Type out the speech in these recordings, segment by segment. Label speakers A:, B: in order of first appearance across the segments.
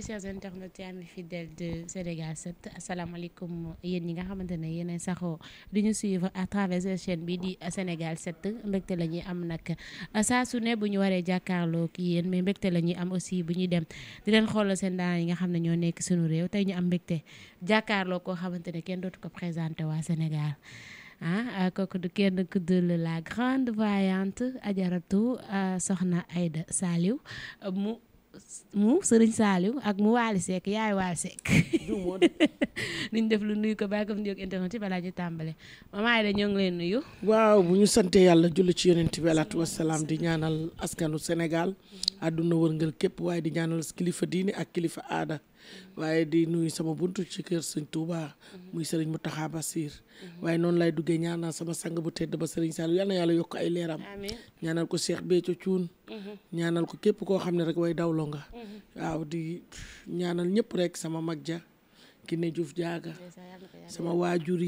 A: salut chers internautes et amis de Sénégal 7 asalaamaaleykum yéen ñi nga xamante ne yéen saxoo di ñu suivre à travers cette chaîne bi di Sénégal set mbégte la ñuy am nag sa su ne bu ñu waree jàkkaarloo ki yéen mais mbégte la ñuy am aussi bu ñuy dem di leen xoolal seen daan yi nga xam ne ñoo nekk suñu réew tey ñu am mbégte jàkkaarloo koo xamante ne kenn dootu ko présenté waa Sénégal ah kooku du kenn ku dul la grande voyante ajaratu euh, soxna Aida Saliou mu. mu sëriñ Saliou ak mu Waly Seck yaay Waly Seck niñ def lu nuyu ko bàyyi ko nuyoog internet yi balaa ñu tàmbale maman Aida ñoo leen nuyu.
B: waaw bu ñu santee yàlla julli ci yonent bi alaatu wasalaam di ñaanal askanu senegal àdduna wërngël képp waaye di ñaanal kilifa diini ak kilifa aada. waaye di nuyu sama buntu ci kër sëñ Touba. muy sëriñ Mountakha Bassir. waaye noonu lay duggee ñaanal sama sang bu tedd ba sëriñ Saliou yal na yàlla yokk ay leeram. ñaanal ko Cheikh Béthio Thioune. Mhm. ñaanal ko képp koo xam ne rek way dawlo nga. Mhm. waaw di ñaanal ñëpp rek sama mag ja ki ne Diouf jaaga sama waajur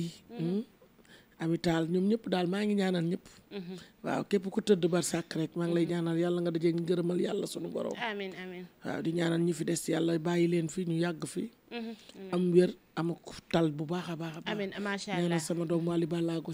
B: amital ñoom ñëpp daal maa ngi ñaanal ñëpp. Mhm. waaw képp ku tëdd barsàq rek maa ngi lay mhm. ñaanal yàlla nga daje ngërëmal yàlla sunu borom. amiin amiin waaw di ñaanal ñi fi des yàlla bàyyi leen fi ñu yàgg fi.
A: Mm-hmm. am wér
B: am tal bu baax a baax a baax. amiin macha allah nee na sama doom Wally mm-hmm.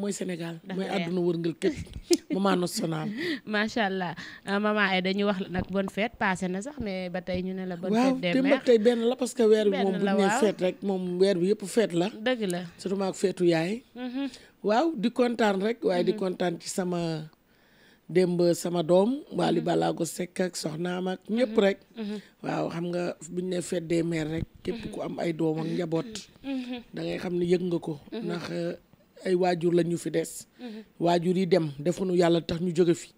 B: mooy Sénégal. mooy àdduna wërngal képp maman national.
A: macha allah ah, maman Aida ñu wax la nag bonne fête na sax mais ba tey ñu ne la. bonne fête des mères
B: ba la parce que weer bi moom bu ñu nee fête rek moom weer bi yëpp fête la. dëgg la surtout maag feetu yaay. Mm-hmm. waaw di kontaan rek waaye di kontaan ci sama. démb sama doom Wally mhm. Ballago Seck ak soxnaam ak mhm. ñëpp rek mhm. waaw xam nga buñ ne fête des mères rek képp ku am ay doom ak njaboot da xam ne yëg nga ko ndax ay waajur la ñu fi des. Mhm. waajur yi dem defuñu yàlla tax ñu jóge fi.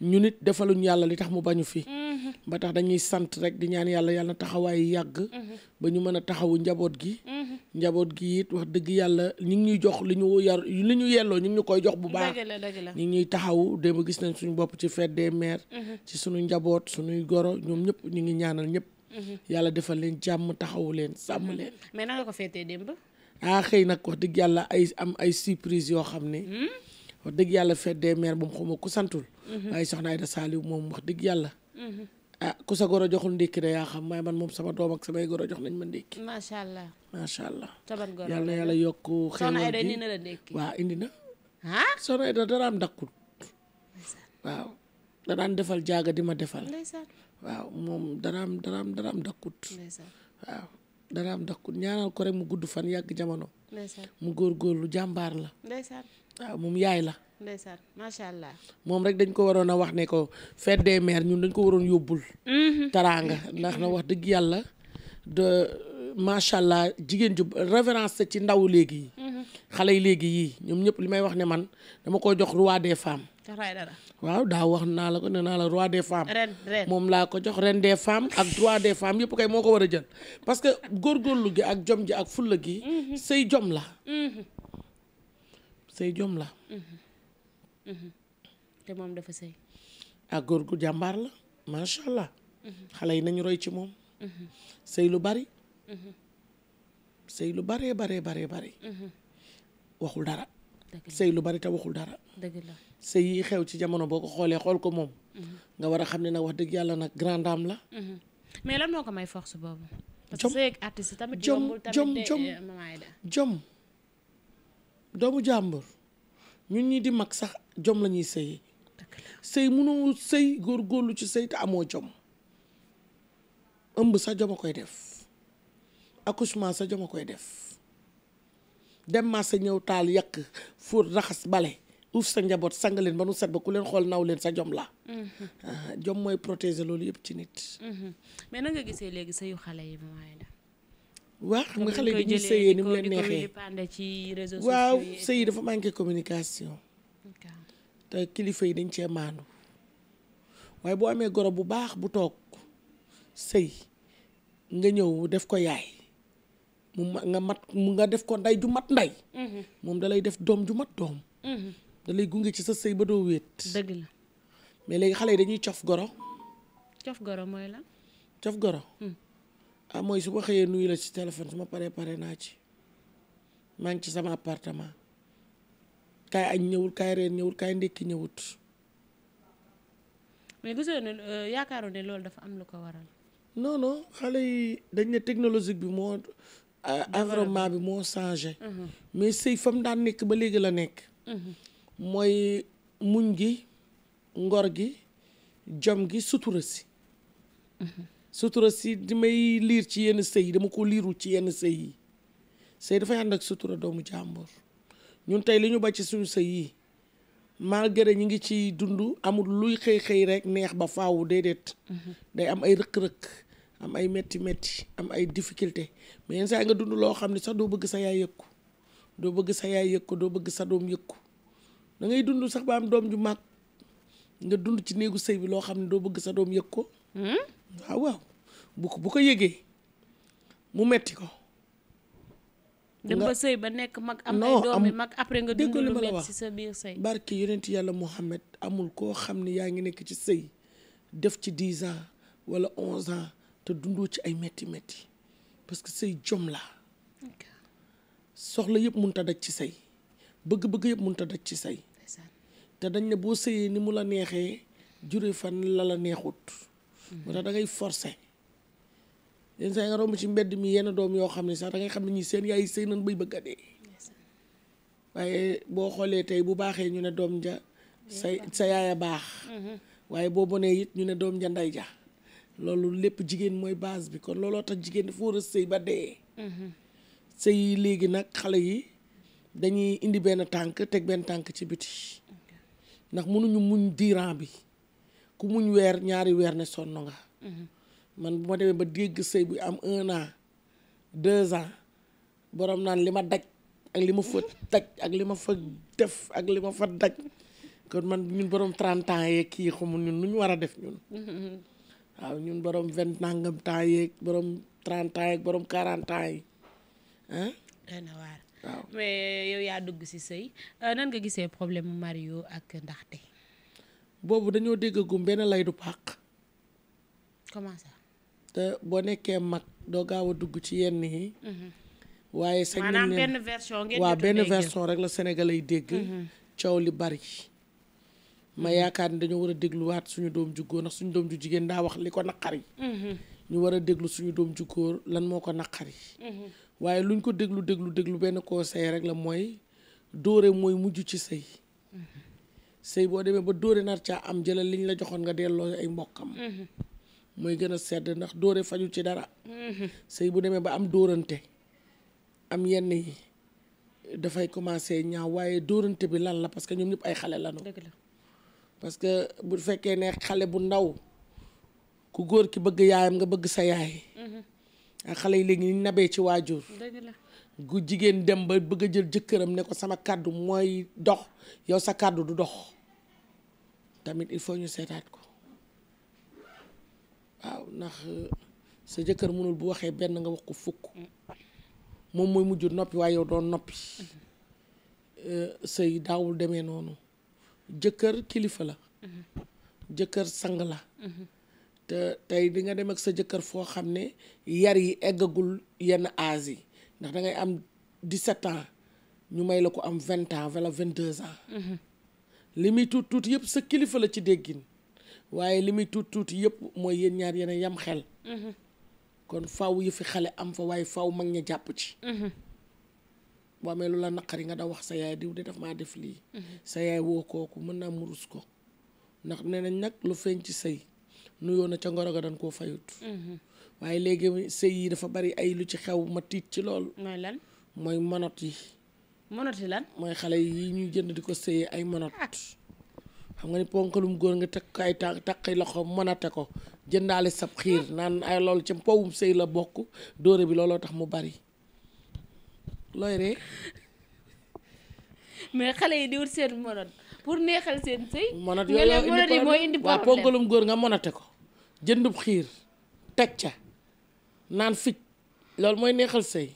B: ñu nit defaluñu yàlla li tax mu bañu fi. Mhm. ba tax dañuy sant rek di ñaan yàlla yàlla taxawaay yàgg. Mhm. ba ñu mën a taxawu njaboot gi. njaboot gi it wax dëgg yàlla ñu ngi ñuy jox li ñu yar li ñu yelloo ñu ngi ñu koy jox bu baax. ñu ngi ñuy taxawu démb gis nañ suñu bopp ci fête des mères. ci suñu njaboot suñuy goro ñoom ñëpp ñu ngi ñaanal ñëpp. yàlla defal leen jàmm taxawu leen sàmm leen. ah xëy nag wax dëgg yàlla ay am ay surprise yoo xam ne. Hmm? wax dëgg yàlla fête des mères moom xuma ku santul. Hmm. waaye soxna Aida Saliou moom wax dëgg yàlla. Hmm. ah ku sa goro joxul ndékki da yaa xam may man moom sama doom ak samay goro jox nañ ma ndékki.
A: macha allah macha allah. yàlla na yàlla
B: yokk xéwal gi indi na la waaw indi na. ah soxna dara am dakkul. waaw da daan defal jaaga di ma defal. waaw moom daraam daraam daraam dakkut. waaw. dara am ndax ku ñaanal ko rek mu gudd fan yàgg jamono. mu góor góorlu jàmbaar la.
A: ndeysaan waaw moom yaay la. ndeysaan macha allah.
B: moom rek dañ ko waroon a wax ne ko fête des mères ñun dañ ko waroon yóbbul. Mm-hmm. taraanga ndax na wax dëgg yàlla de macha allah jigéen ju révérence ci ndaw léegi. xale yi léegi yii ñoom ñëpp li may wax ne man dama koo jox roi des femmes. waaw daaw wax naa la ko ne naa la roi des femmes. moom laa ko jox reine des femmes ak roi des femmes yëpp kay moo ko war a jël. parce que góorgóorlu gi ak jom ji ak fulla gi. Mhm. say jom la. Mhm. say jom la.
A: Mhm. te moom dafa sëy.
B: ak ah, góor gu jàmbaar la macha allah. xale yi nañu roy ci moom. sëy lu bari. sëy lu baree baree baree bari. waxul dara sëy lu bari te waxul dara sëy yi xew ci jamono boo ko xoolee xool ko moom mm-hmm. nga war a xam ne na wax dëgg yàlla nag grande dame la
A: mm-hmm. mais lan moo ko may force boobu jom jom jom eh,
B: jom doomu jàmbur ñu ñi di mag sax jom lañuy ñuy sëyi sëy mënoo sëy góorgóorlu ci sëy te amoo jom ëmb sax jom a koy def accouchement sax jom a koy def dem sa ñëw taal yàq fuur raxas bale uuf sa njaboot sang leen ba nu set ba ku leen xool naw leen sa jom la mm-hmm. ah, jom mooy protéger loolu yëpp ci nit.
A: Mm-hmm. na nga gisee léegi sëyu xale yi
B: waaw xam nga xale yi dañuy ni mu leen
A: neexee waaw sëy yi dafa
B: manqué communication te kilifa yi dañ cee maandu waaye boo amee goro bu baax bu toog sëy nga ñëw def ko yaay mu nga mat mu nga def ko nday ju mat nday mhm. moom dalay def doom ju mat doom mhm. dalay gunge ci sa sëy ba doo wéet dëgg la mais léegi xale yi dañuy cof goro
A: cof goro mooy la
B: cof goro hmm. ah mooy su ma xëyee nuyu la ci téléphone su ma paree pare naa ci maa ngi ci sama appartement kaay añ ñëwul kaay reer ñëwul kaay ndékki ñëwut
A: mais gisoo ne euh, yaakaaroon ne loolu dafa am lu ko waral
B: non xale yi dañ ne technologique bi moo Euh, environnement bi moo changé. Mhm. mais sëy fa mu daan nekk ba léegi la nekk. Mhm. mooy muñ gi ngor gi jom gi sutura si. Mhm. sutura si di may liir ci yenn sëy yi dama ko liiru ci yenn sëy yi sëy dafay ànd ak sutura doomu jàmbur ñun tey li ñu ba ci suñu sëy yi malgré ñi ngi ci dund amut luy xëy xëy rek neex ba faawu déedéet. day am ay rëkk-rëkk. am ay metti metti am ay difficulté mais yenn saa nga dund loo xam ne sax doo bëgg sa yaay yëg ko doo bëgg sa yaay yëg ko doo bëgg sa doom yëg ko da ngay dund sax ba am doom ju mag nga dund ci néegu sëy bi loo xam ne doo bëgg sa doom yëg ko hmm? waaw waaw bu ko bu mu metti ko dem ba sëy
A: ba nekk mag am ay doom mag après nga dund lu metti ci sa biir sëy barke
B: yonent yàlla Muhammad amul koo xam ne yaa ngi nekk ci sëy def ci dix ans wala onze ans te dundoo ci ay metti metti parce que say jom la soxla yëpp mënut a daj ci say bëgg-bëgg yëpp mënut a daj ci say te dañ ne boo sëyee ni mu la neexee jure fan lala la neexut moo tax hmm. da ngay forcer yenn saa nga mbedd mi yenn doom yoo xam ne sax da ngay xam ne ñi seen yaay sëy nañ bay bëgg a dee waaye boo xoolee tey bu baaxee ñu ne doom ja say sa yaay a baax hmm. waaye boo bonee it ñu ne doom ja nday ja loolu lépp jigéen mooy base bi kon looloo tax jigéen dafa war a sëy ba dee. Mhm. sëy yi léegi nag xale yi dañuy indi benn tànk teg benn tànk ci biti ndax mënuñu muñ diiran bi ku muñ weer ñaari weer ne sonn nga. Mhm. man bu ma demee ba dégg sëy bi am un an deux ans boroom naan li ma daj ak li ma fa daj ak li ma fa def ak li ma fa daj kon man ñun borom 30 ans yeeg kii xamul ñun nu ñu war a def ñun. Mhm. waaw ñun borom vingt nangam temps yeeg borom trente ans
A: dugg ci sëy euh, nan nga gisee problème mu Mario ak Ndaxte.
B: boobu dañoo déggagum benn lay du pàq. comment te boo nekkee mag doo gaaw a dugg ci yenn yi. Mhm. waaye sax. maanaam benn
A: version ngeen waaw benn version
B: rek la Sénégalais yi dégg. Mhm. coow li bari. ma yaakaar ni dañoo war a dégluwaat suñu doom ju góor ndax suñu doom ju jigéen daa wax li ko naqari mm-hmm. ñu war a déglu suñu doom ju góor lan moo ko naqari mm-hmm. waaye luñ ko déglu déglu déglu benn conseil rek la mooy dóore mooy mujj ci sëy
A: mm-hmm.
B: sëy boo demee ba dóore nar ca am jëlal liñ la joxoon nga delloo ay mbokkam mooy gën a sedd ndax dóore faju ci dara sëy bu demee ba am dóorante am yenn yi dafay commencé ñaaw waaye dóorante bi lan la parce que ñoom ñëpp ay xale lañu parce que bu fekkee ne xale bu ndaw ku góor ki bëgg yaayam nga bëgg sa yaay
A: mm-hmm.
B: ak xale yi léegi ñu nabee ci waajur gu jigéen dem ba bëgg a jël jëkkëram ne ko sama kàddu mooy dox yow sa kàddu du dox tamit il faut ñu seetaat ko waaw ndax euh, sa jëkkër mënul bu waxee benn nga wax ko fukk mm-hmm. moom mooy mujj noppi waaye yow doon noppi mm-hmm. euh, say daawul demee noonu jëkkër kilifa la mm-hmm. jëkkër sang la mm-hmm. te tey di nga dem ak sa jëkkër foo xam ne yar yi eggagul yenn âge ndax da ngay am 17 ans ñu may la ko am 20 ans wala 22 ans mm-hmm. li muy tuut tuuti yëpp sa kilifa la ci déggin waaye li muy tuut tuuti yëpp mooy yéen ñaar yéen yam xel kon faw yi fi xale am fa waaye faw mag ña jàpp ci boo amee lu la naqar yi nga daw wax sa yaay diw de daf maa def lii mm-hmm. sa yaay woo kooku mën naa murus ko ndax nee nañ nag lu feeñ ci sëy nuyoo na ca ngoro ga dañ koo fayut mm-hmm. waaye léegi sëy yi dafa bari ay lu ci xew ma tiit ci loolu mooy lan mooy monot yi monot yi lan mooy xale yi ñuy jënd di ko sëyee ay monot ah. xam nga ni ponkalum góor nga teg ko ay tànk takki loxo monate ko jëndaale sab xiir naan ay lool ci powum sëy la bokk dóore bi looloo tax mu bari looy ree
A: mais xale yi di wut seen monot pour neexal seen sëy monot yooyu monot mooy indi waaw ponkalum
B: góor nga monote ko jëndub xiir teg ca naan fij loolu mooy neexal sëy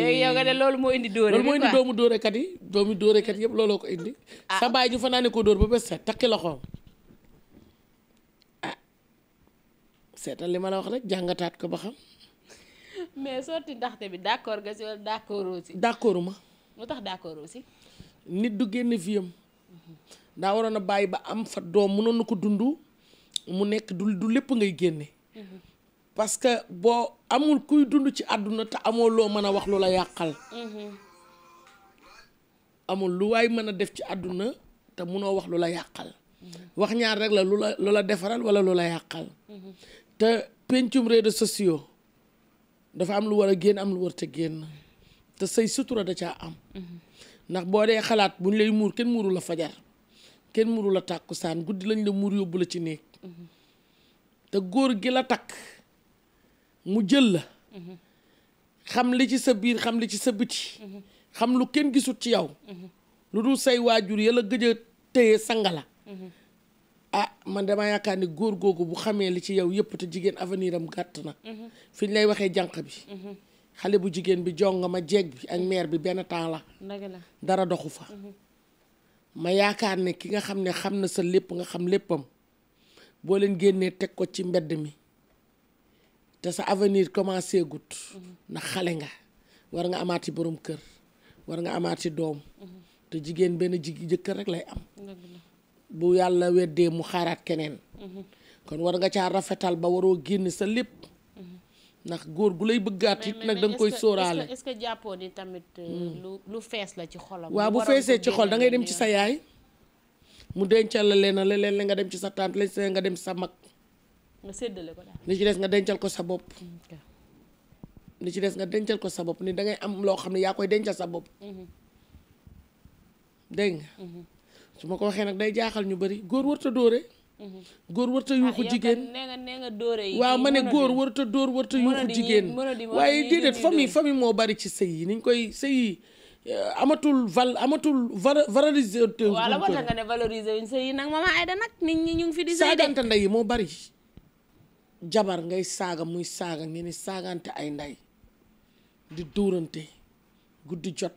B: léegi nga ne loolu moo indi dóore loolu moo dóorekat yi doomu dóorekat yëpp looloo ko indi ah. sa baay ñu fanaane ko dóor ba bés set takki loxoom ah seetal li ma la wax rek jàngataat ko ba xam
A: mais sorti ndaxte bi d'accord nga si wala d'accord aussi. d'accord ma. lu tax d'accord aussi.
B: nit du génn viam daa waroon a bàyyi ba am fa doom mënoon na ko dund mu nekk du du lépp ngay génne. parce que boo amul kuy dund ci àdduna te amoo loo mën a wax lu la yàqal. amul lu waay mën a def ci àdduna te munoo wax lu la yàqal. wax ñaar rek la lu la defaral wala lu la yàqal. te pencum réseaux sociaux. dafa am lu war a génn am lu war te génn te say sutura da caa am ndax boo dee xalaat bu ñu lay muur kenn muuru la fajar kenn muuru la saan guddi lañ la muur yóbbu la ci néeg te góor gi la takk mu jël la xam li ci sa biir xam li ci sa biti xam lu kenn gisut ci yow lu dul say waajur yàlla gëj a téye sanga la ah man dama yaakaar ni góor googu bu xamee li ci yow yëpp te jigéen avenir am gàtt na mhm. fi ñu lay waxee jànq bi mhm. xale bu jigéen bi jongama jeeg bi ak mère bi benn temps la dara doxu fa mhm. ma yaakaar ne ki nga xam ne xam na sa lépp nga xam léppam boo leen génnee teg ko ci mbedd mi te sa avenir commencé gut ndax xale nga war nga amaati boroom kër war nga amaati doom te jigéen benn jigi jëkkër rek lay am bu yàlla weddee mu xaaraat keneen kon war nga caa rafetal ba waroo génn sa lépp ndax góor gu lay bëggaat it nag da koy sooraale
A: est-ce que jàppoo ni tamit euh, hmm. lu lu fees la ci xolam waaw bu feesee ci xol da ngay
B: dem ci sa yaay mu dencal la leen la leen la nga dem ci sa tante lañ nga dem sa mag nga séddale ko li ci des nga dencal ko sa bopp li ci des nga dencal ko sa bopp ni da ngay am loo xam ne yaa koy dencal sa bopp mhm. dégg su ma ko waxee nag day jaaxal ñu bari góor warta dóore mhm. góor warta yuuxu ah, jigéen
A: waaw ma ne góor
B: warta dóor warta yuuxu jigéen waaye déedéet famille famille moo bari ci sëy yi niñ koy sëy yi eh, amatul val amatul valoriser wala wala nga
A: ne yi nag mama nag nit ñi ñu ngi fi di sëy de saagante
B: ndey yi moo bari jabar ngay saaga muy saaga ngeen saagante ay ndey di dóorante guddi jot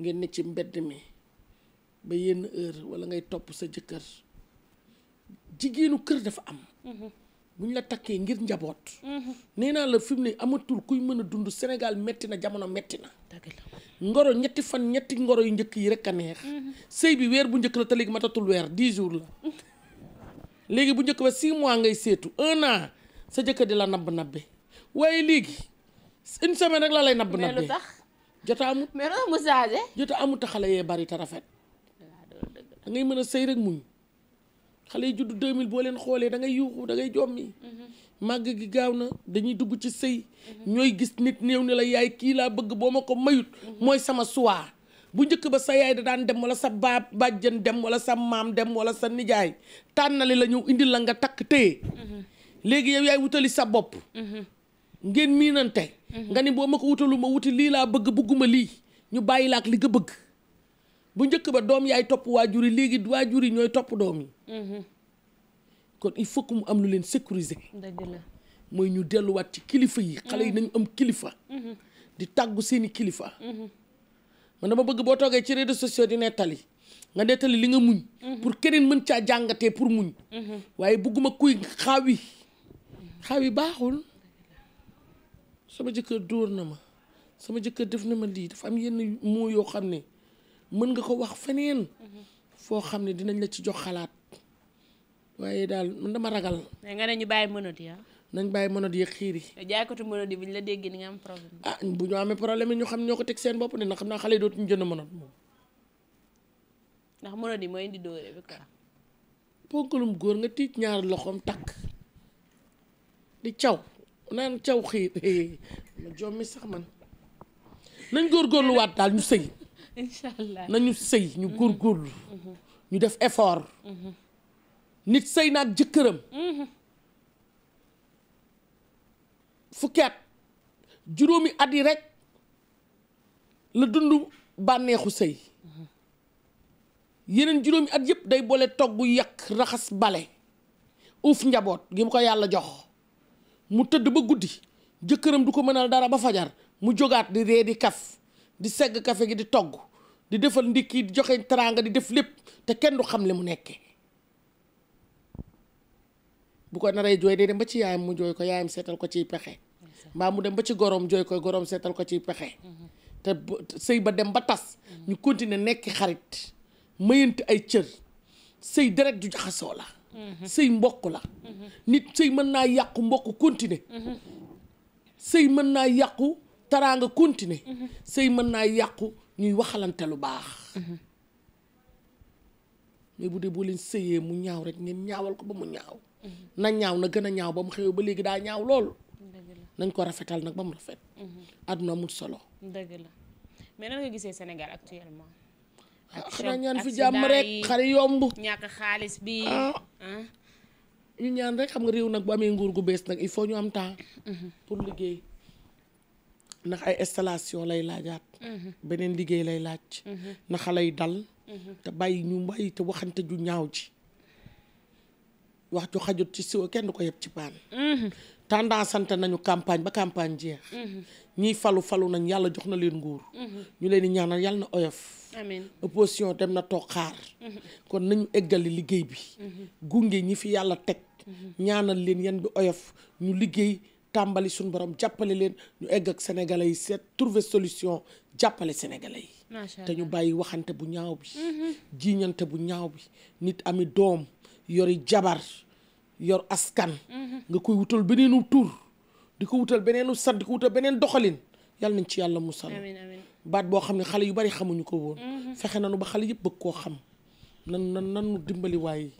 B: ngeen ne ci mbedd mi ba yenn heure wala ngay topp sa jëkkër jigéenu kër dafa am mhm. bu ñu la takkee ngir njaboot mhm. nee naa la fi ne amatul kuy mën a dund Sénégal metti na jamono metti na ngoro ñetti fan ñetti ngoro yu njëkk yi rek a neex mhm. sëy bi weer bu njëkk la te léegi matatul weer dix jours la léegi bu njëkk ba six mois ngay seetu un sa jëkkër di la nabb nabbe waaye léegi une semaine rek la lay nabb nabbe jota amut a amut a xale yee bari te rafet da ngay mën a sëy rek muñ xale yi juddu 2000 boo leen xoolee da ngay yuuxu da ngay jommi. Mm-hmm. màgg gi gaaw na dañuy dugg ci sëy mm-hmm. ñooy gis nit néew ni la yaay kii laa bëgg boo ma ko mayut. Mm-hmm. mooy sama suwaa bu njëkk ba sa yaay da daan dem wala sa baab bàjjan dem wala sa maam dem wala sa nijaay tànnale la ñëw indil la nga takk téye. léegi yow yaay wutali sa bopp. ngeen miinante. nga ni boo ma ko wutalu ma wuti lii laa bëgg bëgguma lii ñu bàyyi la ak li nga bëgg. bu njëkk ba doom yaay topp waajur yi léegi waajur yi ñooy topp doom yi. Mhm. kon il faut que mu am lu leen sécuriser. dëgg mooy ñu delluwaat ci kilifa yi. xale yi mhm. nañu am kilifa. Mhm. di tàggu seeni kilifa. man dama bëgg boo toogee ci réseaux sociaux di nettali nga nettali li nga muñ. pour keneen mën caa jàngatee pour muñ. waaye bëgguma kuy xaawi xaawi baaxul. sama jëkkër dóor na ma sama jëkkër def na ma lii dafa am yenn moo yoo xam ne. mën nga ko wax feneen mhm. foo xam ne dinañ la ci jox xalaat waaye daal man dama ragal.
A: nga ne ñu bàyyi mënat ya
B: nañ bàyyi mënat ya xiir yi.
A: jaaykatu mënat yi bu ñu la déggee ni am problème.
B: ah bu ñu amee problème yi ñu xam ñoo ko teg seen bopp ne na xam naa xale yi dootuñu jënd mënat moom.
A: ndax mënat yi mooy indi dóore bi
B: ponkalum góor nga tiit ñaar loxoom takk di caw naan caw xiir ma jommi sax man nañ góorgóorluwaat daal ñu sëy.
A: incha nañu
B: sëy ñu mhm. góorgóorlu. Mhm. ñu def effort. Mhm. nit sëy naag jëkkëram. fukki juróomi at yi rek la dund bànneexu sëy yeneen juróomi at yëpp day boole togg yàq raxas bale uuf njaboot gi mu ko yàlla jox mu tëdd ba guddi jëkkëram du ko mënal dara ba fajar mu jógaat di ree di kaf di segg kafe gi di togg di defal ndikki di joxe teraanga di def lépp te kenn du xam li mu nekkee bu ko naree jooy day dem ba ci yaayam mu jooy ko yaayam seetal ko ciy pexe mbaa mu dem ba ci goroom jooy ko goroom seetal ko ciy pexe sëy ba dem ba tas ñu continuer nekki xarit mayante ay cër sëy deret ju jaxasoo la sëy mbokk la nit sëy mën naa yàqu mbokk continuer sëy mën naa yàqu taraanga continuer sëy mën naa yàqu ñuy waxalante lu baax mais bu dee boo leen sëyee mu ñaaw rek ngeen ñaawal ko ba mu ñaaw na ñaaw na gën a ñaaw ba mu xewee ba léegi daa ñaaw lool nañ ko rafetal nag ba mu rafet àdduna mu solo
A: dëgg la mais nan gisee Sénégal actuellement
B: ah, xanaa ñaan fi jàmm rek xari
A: yomb ñàkk xaalis bi ah. Ah.
B: ñu ñaan rek xam nga réew nag bu amee nguur gu bees nag il faut ñu am temps mhm. pour liggéey ndax ay installation lay laajaat. Mhm. beneen liggéey lay laaj. Mhm. na xale yi dal. Mhm. te bàyyi ñu bàyyi te waxante ju ñaaw ji wax ju xajut ci siwo kenn du ko yëpp ci paan. tendance nañu campagne ba campagne jeex. ñiy falu falu nañ yàlla jox na leen nguur. ñu leen di ñaanal yàlla na oyof. amiin opposition dem na toog xaar. kon nañu eggali liggéey bi. gunge ñi fi yàlla teg. ñaanal leen yan bi oyof ñu liggéey. tàmbali suñu borom jàppale leen ñu egg ak sénégalais yi seet trouver solution jàppale sénégalais
A: yi. te ñu
B: bàyyi waxante bu ñaaw bi. Mhm. jiiñante bu ñaaw bi nit ami doom yori jabar yor askan. Mhm. nga koy wutal beneenu tur di ko wutal beneenu sat di ko wutal beneen doxalin yàlla nañ ci yàlla musal. amiin baat boo xam ne xale yu bari xamuñu ko woon. Mhm. fexe nañu ba xale yëpp bëgg koo xam. nan nan nan dimbali waaye.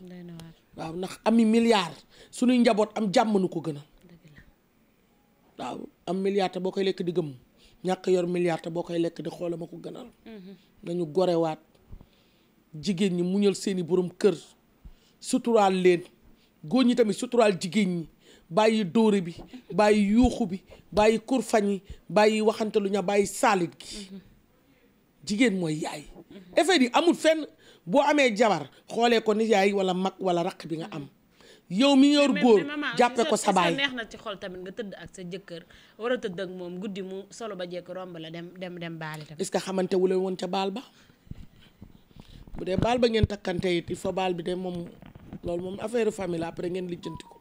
B: waaw ndax ami milliard suñuy njaboot am jàmm nu ko gënal. waaw am milliard te boo koy lekk di gëm ñàkk yor milliard te boo koy lekk di xoola ma ko gënal mm-hmm. nañu gorewaat jigéen ñi muñal seeni borom kër suturaal leen góor ñi tamit suturaal jigéen ñi bàyyi dóore bi bàyyi yuuxu bi bàyyi kurfañ yi bàyyi waxante lu ña bàyyi saalit gi mm-hmm. jigéen mooy yaay mm-hmm. effet yi amul fenn boo amee jabar xoolee ko ni yaay wala mag wala raq bi nga am yow mi yor góor jàppe ko sa neex
A: na ci xol tamit nga tëdd ak sa jëkkër war a tëdd ak moom guddi mu solo ba jekk romb la dem dem baal baali tamit est que
B: xamante wu leen woon ca baal ba bu dee baal ba ngeen takkante it il faut baal bi de moom loolu moom affaire famille la après ngeen lijjanti ko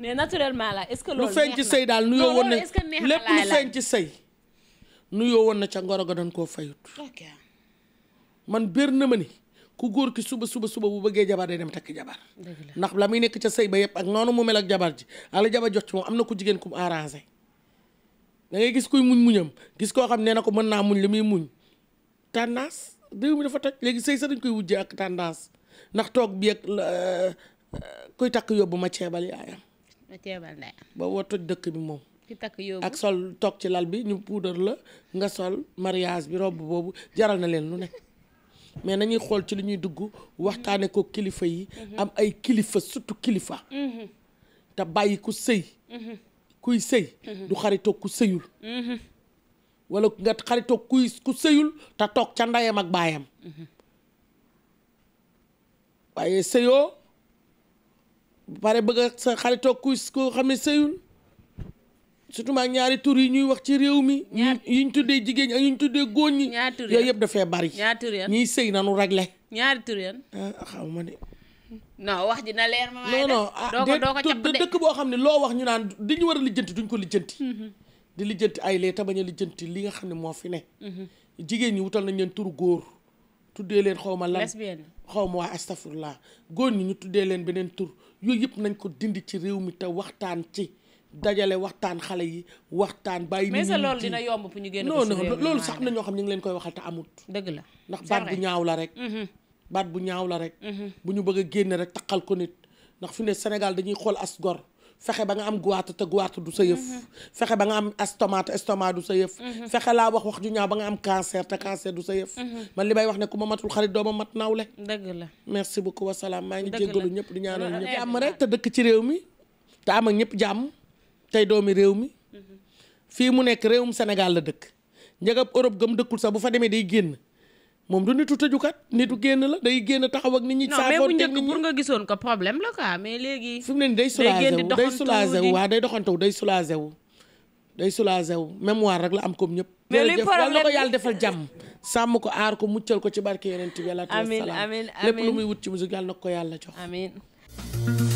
A: mais naturellement est-ce que loolu lu feeñ ci sëy daal nuyoo woon na lépp lu feeñ ci
B: sëy nuyoo woon na ca ngoro ga doon koo fayut man biir na ma ni ku góor ki suba suba suba bu bëggee jabar day dem takk jabar ndax la muy nekk ca sëy ba yëpp ak noonu mu mel ak jabar ji ala jabar jot ci moom am na ku jigéen ku mu arrangé da gis kuy muñ muñam gis koo xam nee na ko mën naa muñ li muy muñ tendance réew mi dafa toj léegi sëy sa dañ koy wujje ak tendance ndax toog bi ak euh, kuy takk yóbbu ma ceebal yaayam ma ceebal ndey dëkk bi moom
A: ki takk yóbbu ak
B: sol toog ci lal bi ñu puudar la nga sol mariage bi robb boobu jaral na leen lu nekk mais nañuy xool ci lu ñuy dugg waxtaane ko kilifa yi mhm. am ay kilifa surtout kilifa mhm. te bàyyi ku sëy mhm. kuy sëy du xaritoo ku sëyul wala nga xaritoo kuy ku sëyul te toog ca ndeyam ak baayam waaye sëyoo ba pare bëgg sa xaritoo kuy ku xam ne sëyul surtout maag ñaari tur yi ñuy wax ci réew mi. ñaar ñu tuddee jigéen ñi ak yi ñu tuddee góor ñi. ñaari tur yëpp dafee bari.
A: ñaari tur yan ñiy sëy nanu ñaari tur yan. ah wax ji na leer ma. waaye ah, de doo
B: ko boo xam ne loo wax ñu naan dañu war a lijjanti duñ ko lijjanti. Mm-hmm. di lijjanti ay lee te bañ lijjanti li nga xam ne moo fi ne. Mm-hmm. jigéen ñi wutal nañ leen turu góor. tuddee leen xaw ma lan xaw ma waa góor ñi ñu tuddee leen beneen tur yooyu yëpp nañ ko dindi ci réew mi te waxtaan ci dajale waxtaan xale yi waxtaan bàyyi. mais sa loolu yomb
A: pour ñu génn non non loolu sax am
B: na ñoo xam ni ngi leen koy waxal te amut. dëgg la ndax mm-hmm. baat bu ñaaw la rek. baat bu ñaaw la rek. bu ñu bëgg a génne rek taqal ko nit ndax fu ne Sénégal dañuy xool as gor fexe ba nga am guwaat te guwaat du sa yëf. Mm-hmm. fexe ba nga am estomac te estomac du sa yëf. Mm-hmm. fexe laa wax wax ju ñaaw ba nga am cancer te cancer du sa yëf. man li may wax ne ku ma matul xarit doo ma mat nawle. dëgg la merci beaucoup wasalaam maa ngi jéggalu ñëpp di ñaanal ñëpp. am eh, eh, rek te eh. dëkk ci réew mi te am ak ñëpp jàmm tey doomi réew mi fii mu nekk réewum senegal la dëkk njëgab Europe gëm dëkkul sax bu fa demee day génn moom du nitu tëjukat nitu génn la day génn taxaw ak nit ñi. saa boobu teg nit bu nga gisoon
A: ko problème la quoi mais léegi.
B: fi mu ne nii day soulagé wu day soulagé day doxantu wu day soulagé wu. day soulagé wu mémoire rek la am comme ñëpp. mais luy problème la ko yàlla defal jàmm. sàmm ko aar ko muccal ko ci barke yonent bi. amiin amiin amiin lépp lu ko yàlla jox. amiin.